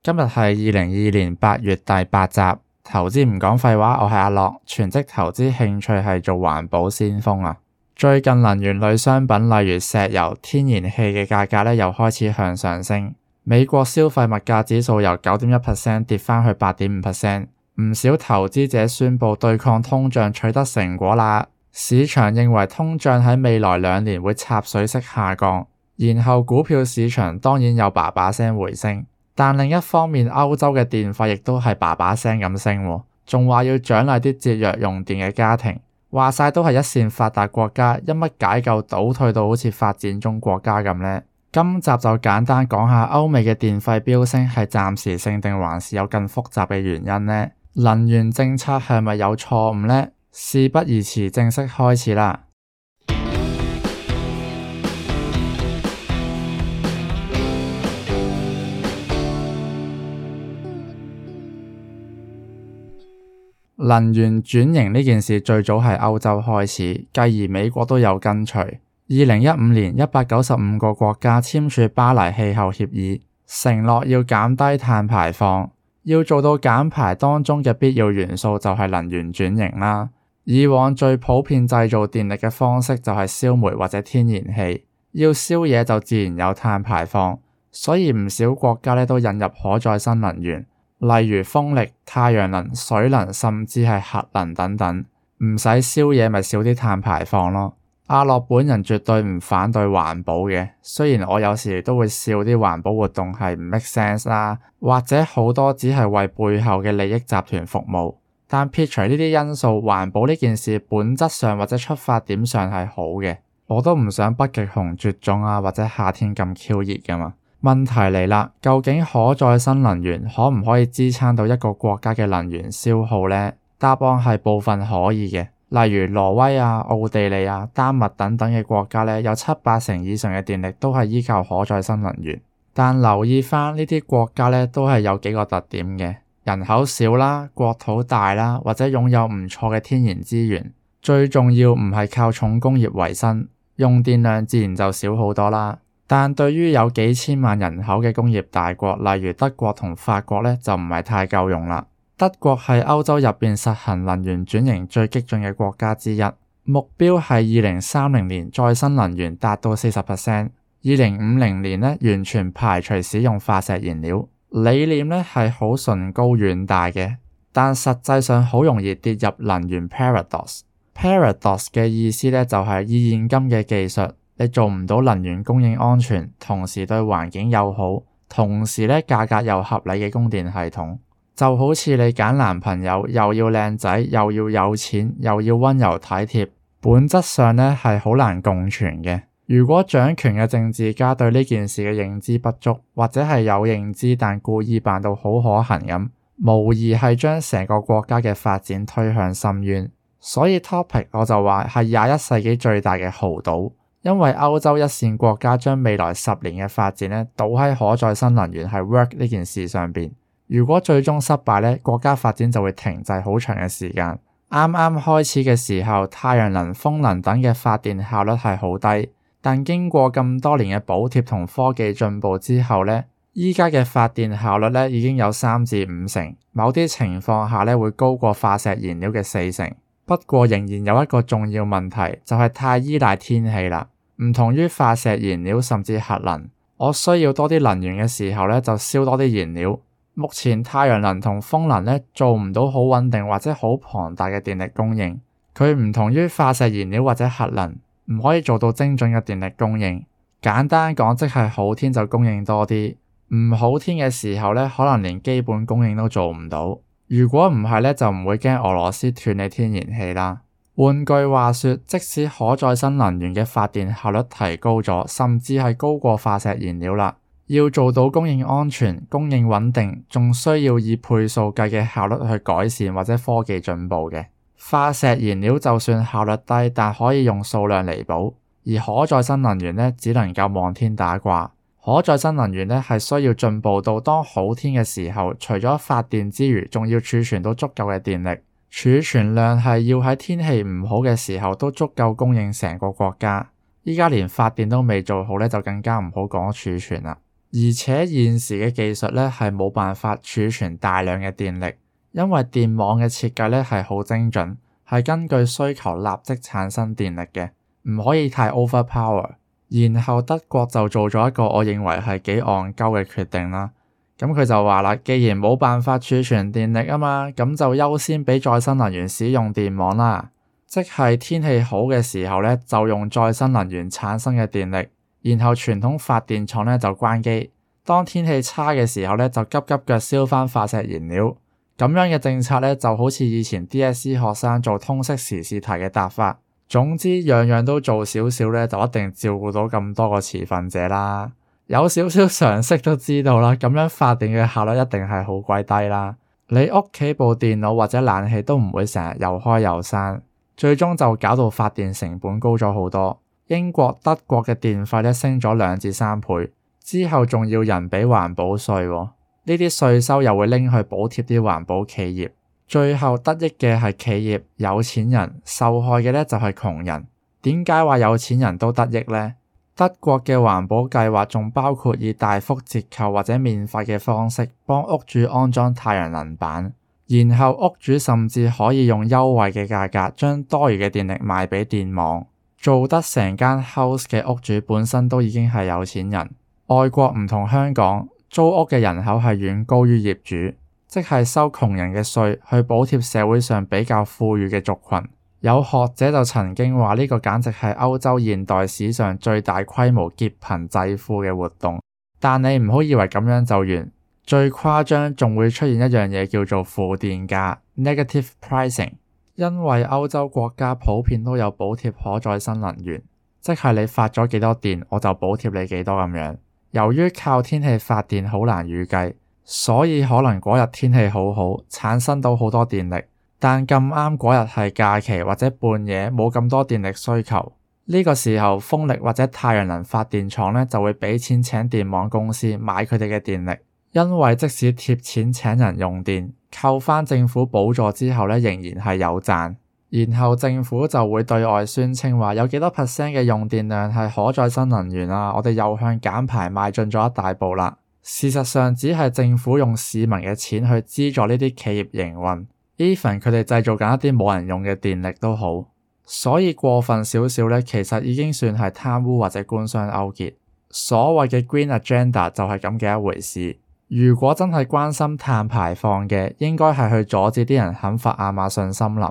今日係二零二二年八月第八集，投資唔講廢話，我係阿樂，全職投資興趣係做環保先鋒啊。最近能源類商品，例如石油、天然氣嘅價格呢又開始向上升。美國消費物價指數由九點一 percent 跌返去八點五 percent，唔少投資者宣布對抗通脹取得成果啦。市場認為通脹喺未來兩年會插水式下降，然後股票市場當然有把把聲回升。但另一方面，歐洲嘅電費亦都係爸爸聲咁升，仲話要獎勵啲節約用電嘅家庭。話晒都係一綫發達國家，因乜解救倒退到好似發展中國家咁呢？今集就簡單講下，歐美嘅電費飆升係暫時性定還是有更複雜嘅原因呢？能源政策係咪有錯誤呢？事不宜遲，正式開始啦！能源轉型呢件事最早係歐洲開始，繼而美國都有跟隨。二零一五年一百九十五個國家簽署巴黎氣候協議，承諾要減低碳排放，要做到減排當中嘅必要元素就係能源轉型啦。以往最普遍製造電力嘅方式就係燒煤或者天然氣，要燒嘢就自然有碳排放，所以唔少國家咧都引入可再生能源。例如風力、太陽能、水能，甚至係核能等等，唔使燒嘢咪少啲碳排放咯。阿樂本人絕對唔反對環保嘅，雖然我有時都會笑啲環保活動係唔 make sense 啦，或者好多只係為背後嘅利益集團服務。但撇除呢啲因素，環保呢件事本質上或者出發點上係好嘅，我都唔想北極熊絕種啊，或者夏天咁 Q 熱㗎嘛。問題嚟啦，究竟可再生能源可唔可以支撐到一個國家嘅能源消耗呢？答案係部分可以嘅，例如挪威啊、奧地利啊、丹麥等等嘅國家呢，有七八成以上嘅電力都係依靠可再生能源。但留意翻呢啲國家呢，都係有幾個特點嘅：人口少啦，國土大啦，或者擁有唔錯嘅天然資源。最重要唔係靠重工業維生，用電量自然就少好多啦。但對於有幾千萬人口嘅工業大國，例如德國同法國呢就唔係太夠用啦。德國係歐洲入邊實行能源轉型最激進嘅國家之一，目標係二零三零年再生能源達到四十 percent，二零五零年呢完全排除使用化石燃料。理念呢係好崇高遠大嘅，但實際上好容易跌入能源 paradox。Paradox 嘅意思呢，就係以現今嘅技術，你做唔到能源供應安全，同時對環境又好，同時咧價格又合理嘅供電系統，就好似你揀男朋友又要靚仔，又要有錢，又要溫柔體貼，本質上咧係好難共存嘅。如果掌權嘅政治家對呢件事嘅認知不足，或者係有認知但故意扮到好可行咁，無疑係將成個國家嘅發展推向深淵。所以 topic 我就話係廿一世紀最大嘅豪賭。因為歐洲一線國家將未來十年嘅發展呢賭喺可再生能源係 work 呢件事上邊，如果最終失敗呢，國家發展就會停滯好長嘅時間。啱啱開始嘅時候，太陽能、風能等嘅發電效率係好低，但經過咁多年嘅補貼同科技進步之後呢，而家嘅發電效率呢已經有三至五成，某啲情況下呢會高過化石燃料嘅四成。不過仍然有一個重要問題，就係太依賴天氣啦。唔同於化石燃料甚至核能，我需要多啲能源嘅時候呢，就燒多啲燃料。目前太陽能同風能呢，做唔到好穩定或者好龐大嘅電力供應。佢唔同於化石燃料或者核能，唔可以做到精準嘅電力供應。簡單講，即係好天就供應多啲，唔好天嘅時候呢，可能連基本供應都做唔到。如果唔係咧，就唔會驚俄羅斯斷你天然氣啦。換句話說，即使可再生能源嘅發電效率提高咗，甚至係高過化石燃料啦，要做到供應安全、供應穩定，仲需要以倍數計嘅效率去改善或者科技進步嘅。化石燃料就算效率低，但可以用數量彌補，而可再生能源呢，只能夠望天打卦。可再生能源呢係需要進步到當好天嘅時候，除咗發電之餘，仲要儲存到足夠嘅電力。儲存量係要喺天氣唔好嘅時候都足夠供應成個國家。依家連發電都未做好呢，就更加唔好講儲存啦。而且現時嘅技術呢，係冇辦法儲存大量嘅電力，因為電網嘅設計呢係好精準，係根據需求立即產生電力嘅，唔可以太 overpower。然後德國就做咗一個我認為係幾戇鳩嘅決定啦。咁佢就話啦，既然冇辦法儲存電力啊嘛，咁就優先畀再生能源使用電網啦。即係天氣好嘅時候咧，就用再生能源產生嘅電力，然後傳統發電廠咧就關機。當天氣差嘅時候咧，就急急腳燒翻化石燃料。咁樣嘅政策咧，就好似以前 DSE 學生做通識時事題嘅答法。總之樣樣都做少少咧，就一定照顧到咁多個持份者啦。有少少常識都知道啦，咁樣發電嘅效率一定係好鬼低啦。你屋企部電腦或者冷氣都唔會成日又開又閂，最終就搞到發電成本高咗好多。英國、德國嘅電費咧升咗兩至三倍，之後仲要人俾環保稅喎。呢啲稅收又會拎去補貼啲環保企業。最後得益嘅係企業有錢人，受害嘅咧就係窮人。點解話有錢人都得益呢？德國嘅環保計劃仲包括以大幅折扣或者免費嘅方式幫屋主安裝太陽能板，然後屋主甚至可以用優惠嘅價格將多餘嘅電力賣畀電網，做得成間 house 嘅屋主本身都已經係有錢人。外國唔同香港，租屋嘅人口係遠高於業主。即係收窮人嘅稅去補貼社會上比較富裕嘅族群，有學者就曾經話呢個簡直係歐洲現代史上最大規模劫貧濟富嘅活動。但你唔好以為咁樣就完，最誇張仲會出現一樣嘢叫做負電價 （negative pricing），因為歐洲國家普遍都有補貼可再生能源，即係你發咗幾多電，我就補貼你幾多咁樣。由於靠天氣發電好難預計。.所以可能嗰日天，天氣好好，產生到好多電力，但咁啱嗰日係假期或者半夜冇咁多電力需求。呢個時候風力或者太陽能發電廠呢，就會畀錢請電網公司買佢哋嘅電力，因為即使貼錢請人用電，扣翻政府補助之後呢，仍然係有賺。然後政府就會對外宣稱話有幾多 percent 嘅用電量係可再生能源啊，我哋又向減排邁進咗一大步啦。事實上，只係政府用市民嘅錢去資助呢啲企業營運，even 佢哋製造緊一啲冇人用嘅電力都好。所以過分少少咧，其實已經算係貪污或者官商勾結。所謂嘅 Green Agenda 就係咁嘅一回事。如果真係關心碳排放嘅，應該係去阻止啲人砍伐亞馬遜森林。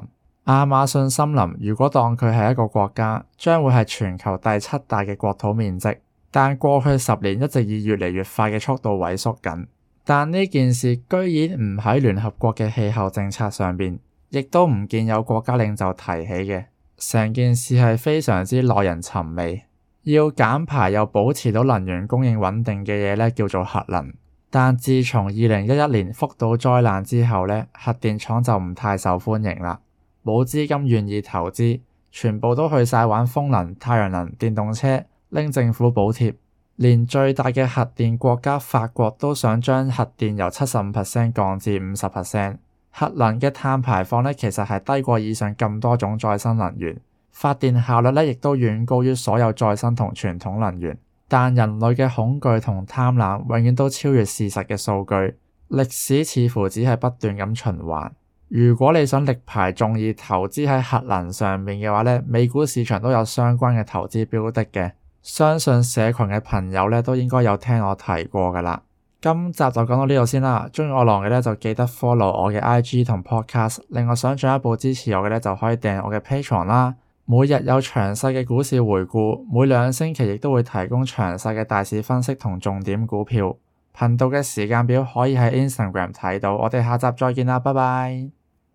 亞馬遜森林如果當佢係一個國家，將會係全球第七大嘅國土面積。但過去十年一直以越嚟越快嘅速度萎縮緊，但呢件事居然唔喺聯合國嘅氣候政策上邊，亦都唔見有國家領袖提起嘅。成件事係非常之耐人尋味。要減排又保持到能源供應穩定嘅嘢呢，叫做核能。但自從二零一一年福島災難之後呢，核電廠就唔太受歡迎啦，冇資金願意投資，全部都去晒玩風能、太陽能、電動車。拎政府補貼，連最大嘅核電國家法國都想將核電由七十五 percent 降至五十 percent。核能嘅碳排放咧，其實係低過以上咁多種再生能源，發電效率咧，亦都遠高於所有再生同傳統能源。但人類嘅恐懼同貪婪永遠都超越事實嘅數據，歷史似乎只係不斷咁循環。如果你想力排眾議投資喺核能上面嘅話咧，美股市場都有相關嘅投資標的嘅。相信社群嘅朋友咧都應該有聽我提過噶啦。今集就講到呢度先啦。鍾意我郎嘅咧就記得 follow 我嘅 IG 同 podcast。另外想進一步支持我嘅咧就可以訂我嘅 Patreon 啦。每日有詳細嘅股市回顧，每兩星期亦都會提供詳細嘅大市分析同重點股票。頻道嘅時間表可以喺 instagram 睇到。我哋下集再見啦，拜拜。